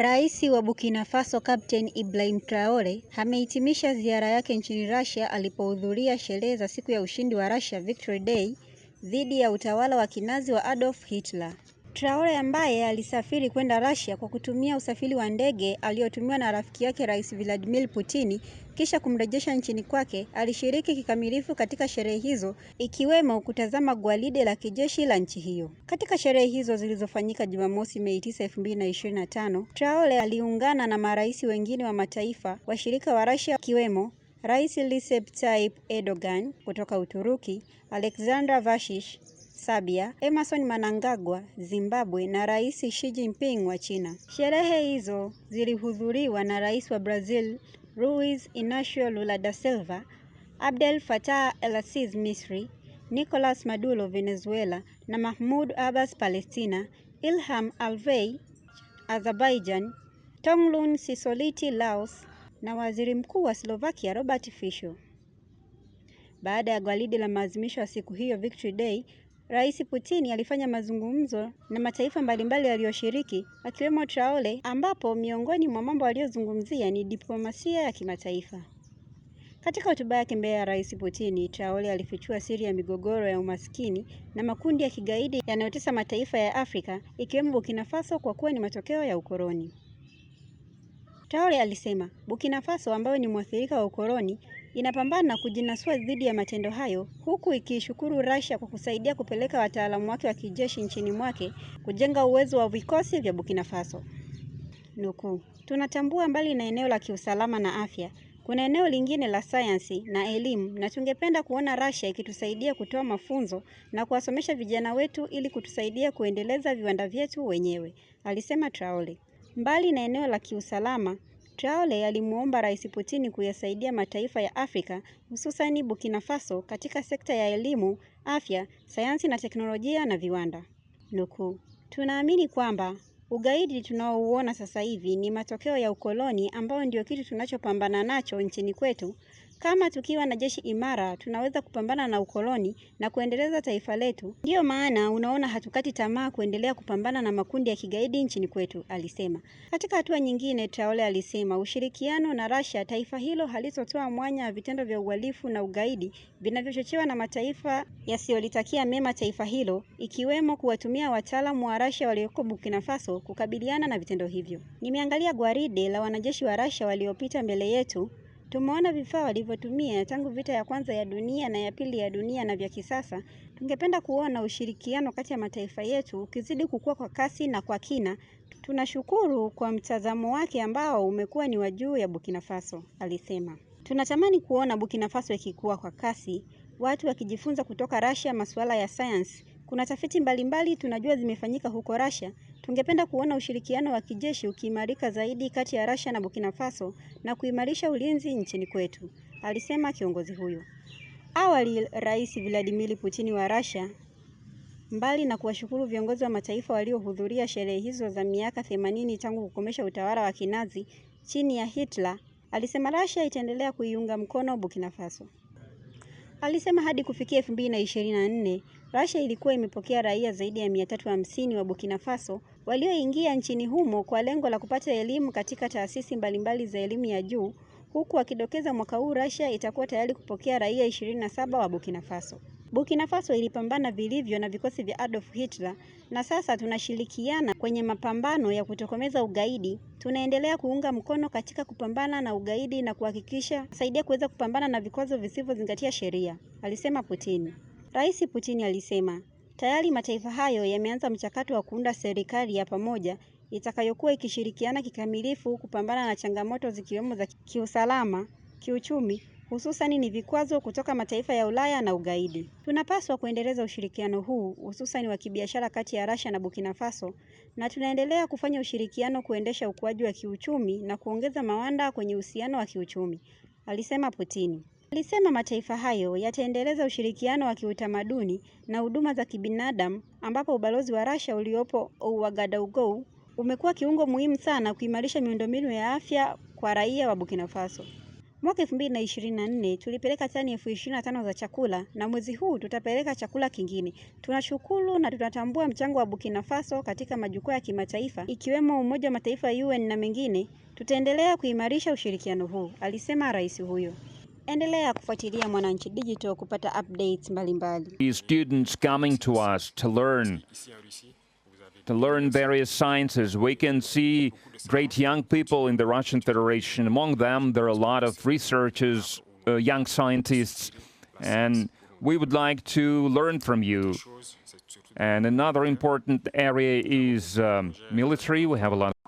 Rais wa Burkina Faso Captain Ibrahim Traore amehitimisha ziara yake nchini Russia alipohudhuria sherehe za siku ya ushindi wa Russia Victory Day dhidi ya utawala wa Kinazi wa Adolf Hitler. Traore ambaye alisafiri kwenda Russia kwa kutumia usafiri wa ndege aliotumiwa na rafiki yake Rais Vladimir Putin kisha kumrejesha nchini kwake, alishiriki kikamilifu katika sherehe hizo ikiwemo kutazama gwaride la kijeshi la nchi hiyo. Katika sherehe hizo zilizofanyika Jumamosi, Mei 9, 2025, Traore aliungana na marais wengine wa mataifa washirika wa Russia ikiwemo Rais Recep Tayyip Erdogan kutoka Uturuki, Alexander Vashish Serbia, Emerson Mnangagwa Zimbabwe na Rais Xi Jinping wa China. Sherehe hizo zilihudhuriwa na Rais wa Brazil Luiz Inacio Lula da Silva, Abdel Fattah el-Sisi Misri, Nicolas Maduro Venezuela na Mahmoud Abbas Palestina, Ilham Alvey Azerbaijan, tonglun Sisoliti Laos na Waziri Mkuu wa Slovakia Robert Fico. Baada ya gwaride la maadhimisho ya siku hiyo Victory Day, Rais Putin alifanya mazungumzo na mataifa mbalimbali yaliyoshiriki akiwemo Traore ambapo miongoni mwa mambo aliyozungumzia ni diplomasia ya kimataifa. Katika hotuba yake mbele ya Rais Putin, Traore alifichua siri ya migogoro ya umaskini na makundi ya kigaidi yanayotesa mataifa ya Afrika ikiwemo Burkina Faso kwa kuwa ni matokeo ya ukoloni. Traore alisema, Burkina Faso ambayo ni mwathirika wa ukoloni inapambana kujinasua dhidi ya matendo hayo huku ikiishukuru Russia kwa kusaidia kupeleka wataalamu wake wa kijeshi nchini mwake kujenga uwezo wa vikosi vya Burkina Faso. Nukuu, tunatambua mbali na eneo la kiusalama na afya, kuna eneo lingine la sayansi na elimu na tungependa kuona Russia ikitusaidia kutoa mafunzo na kuwasomesha vijana wetu ili kutusaidia kuendeleza viwanda vyetu wenyewe, alisema Traore. Mbali na eneo la kiusalama, Traore alimuomba Rais Putin kuyasaidia mataifa ya Afrika hususani Burkina Faso katika sekta ya elimu, afya, sayansi na teknolojia na viwanda. Nukuu, tunaamini kwamba ugaidi tunaouona sasa hivi ni matokeo ya ukoloni ambao ndio kitu tunachopambana nacho nchini kwetu kama tukiwa na jeshi imara, tunaweza kupambana na ukoloni na kuendeleza taifa letu. Ndiyo maana unaona hatukati tamaa kuendelea kupambana na makundi ya kigaidi nchini kwetu, alisema. Katika hatua nyingine, Traore alisema ushirikiano na Russia, taifa hilo halitotoa mwanya wa vitendo vya uhalifu na ugaidi vinavyochochewa na mataifa yasiyolitakia mema taifa hilo, ikiwemo kuwatumia wataalamu wa Russia walioko Burkina Faso kukabiliana na vitendo hivyo. Nimeangalia gwaride la wanajeshi wa Russia waliopita mbele yetu Tumeona vifaa walivyotumia tangu vita ya kwanza ya dunia na ya pili ya dunia na vya kisasa, tungependa kuona ushirikiano kati ya mataifa yetu ukizidi kukua kwa kasi na kwa kina. Tunashukuru kwa mtazamo wake ambao umekuwa ni wa juu ya Burkina Faso, alisema. Tunatamani kuona Burkina Faso ikikua kwa kasi, watu wakijifunza kutoka Russia masuala ya sayansi. Kuna tafiti mbalimbali tunajua zimefanyika huko Russia Tungependa kuona ushirikiano wa kijeshi ukiimarika zaidi kati ya Russia na Burkina Faso na kuimarisha ulinzi nchini kwetu, alisema kiongozi huyo. Awali, Rais Vladimir Putin wa Russia mbali na kuwashukuru viongozi wa mataifa waliohudhuria sherehe hizo za miaka 80 tangu kukomesha utawala wa Kinazi chini ya Hitler, alisema Russia itaendelea kuiunga mkono Burkina Faso. Alisema hadi kufikia 2024, Russia ilikuwa imepokea raia zaidi ya mia tatu hamsini wa Burkina Faso walioingia nchini humo kwa lengo la kupata elimu katika taasisi mbalimbali za elimu ya juu huku wakidokeza mwaka huu Russia itakuwa tayari kupokea raia ishirini na saba wa Burkina Faso. Burkina Faso ilipambana vilivyo na vikosi vya Adolf Hitler na sasa tunashirikiana kwenye mapambano ya kutokomeza ugaidi. Tunaendelea kuunga mkono katika kupambana na ugaidi na kuhakikisha saidia kuweza kupambana na vikwazo visivyozingatia sheria, alisema Putin. Rais Putin alisema Tayari mataifa hayo yameanza mchakato wa kuunda serikali ya pamoja itakayokuwa ikishirikiana kikamilifu kupambana na changamoto zikiwemo za kiusalama, kiuchumi, hususani ni vikwazo kutoka mataifa ya Ulaya na ugaidi. Tunapaswa kuendeleza ushirikiano huu hususani wa kibiashara kati ya Russia na Burkina Faso na tunaendelea kufanya ushirikiano kuendesha ukuaji wa kiuchumi na kuongeza mawanda kwenye uhusiano wa kiuchumi, alisema Putin. Alisema mataifa hayo yataendeleza ushirikiano wa kiutamaduni na huduma za kibinadamu ambapo ubalozi wa Russia uliopo Ouagadougou umekuwa kiungo muhimu sana kuimarisha miundombinu ya afya kwa raia wa Burkina Faso. Mwaka 2024 tulipeleka tani elfu ishirini na tano za chakula na mwezi huu tutapeleka chakula kingine. Tunashukuru na tunatambua mchango wa Burkina Faso katika majukwaa ya kimataifa ikiwemo Umoja wa Mataifa UN na mengine. Tutaendelea kuimarisha ushirikiano huu, alisema rais huyo. Endelea kufuatilia Mwananchi Digital kupata updates mbalimbali. Students coming to us to learn to learn various sciences. We can see great young people in the Russian Federation. Among them, there are a lot of researchers, uh, young scientists, and we would like to learn from you. And another important area is um, military. We have a lot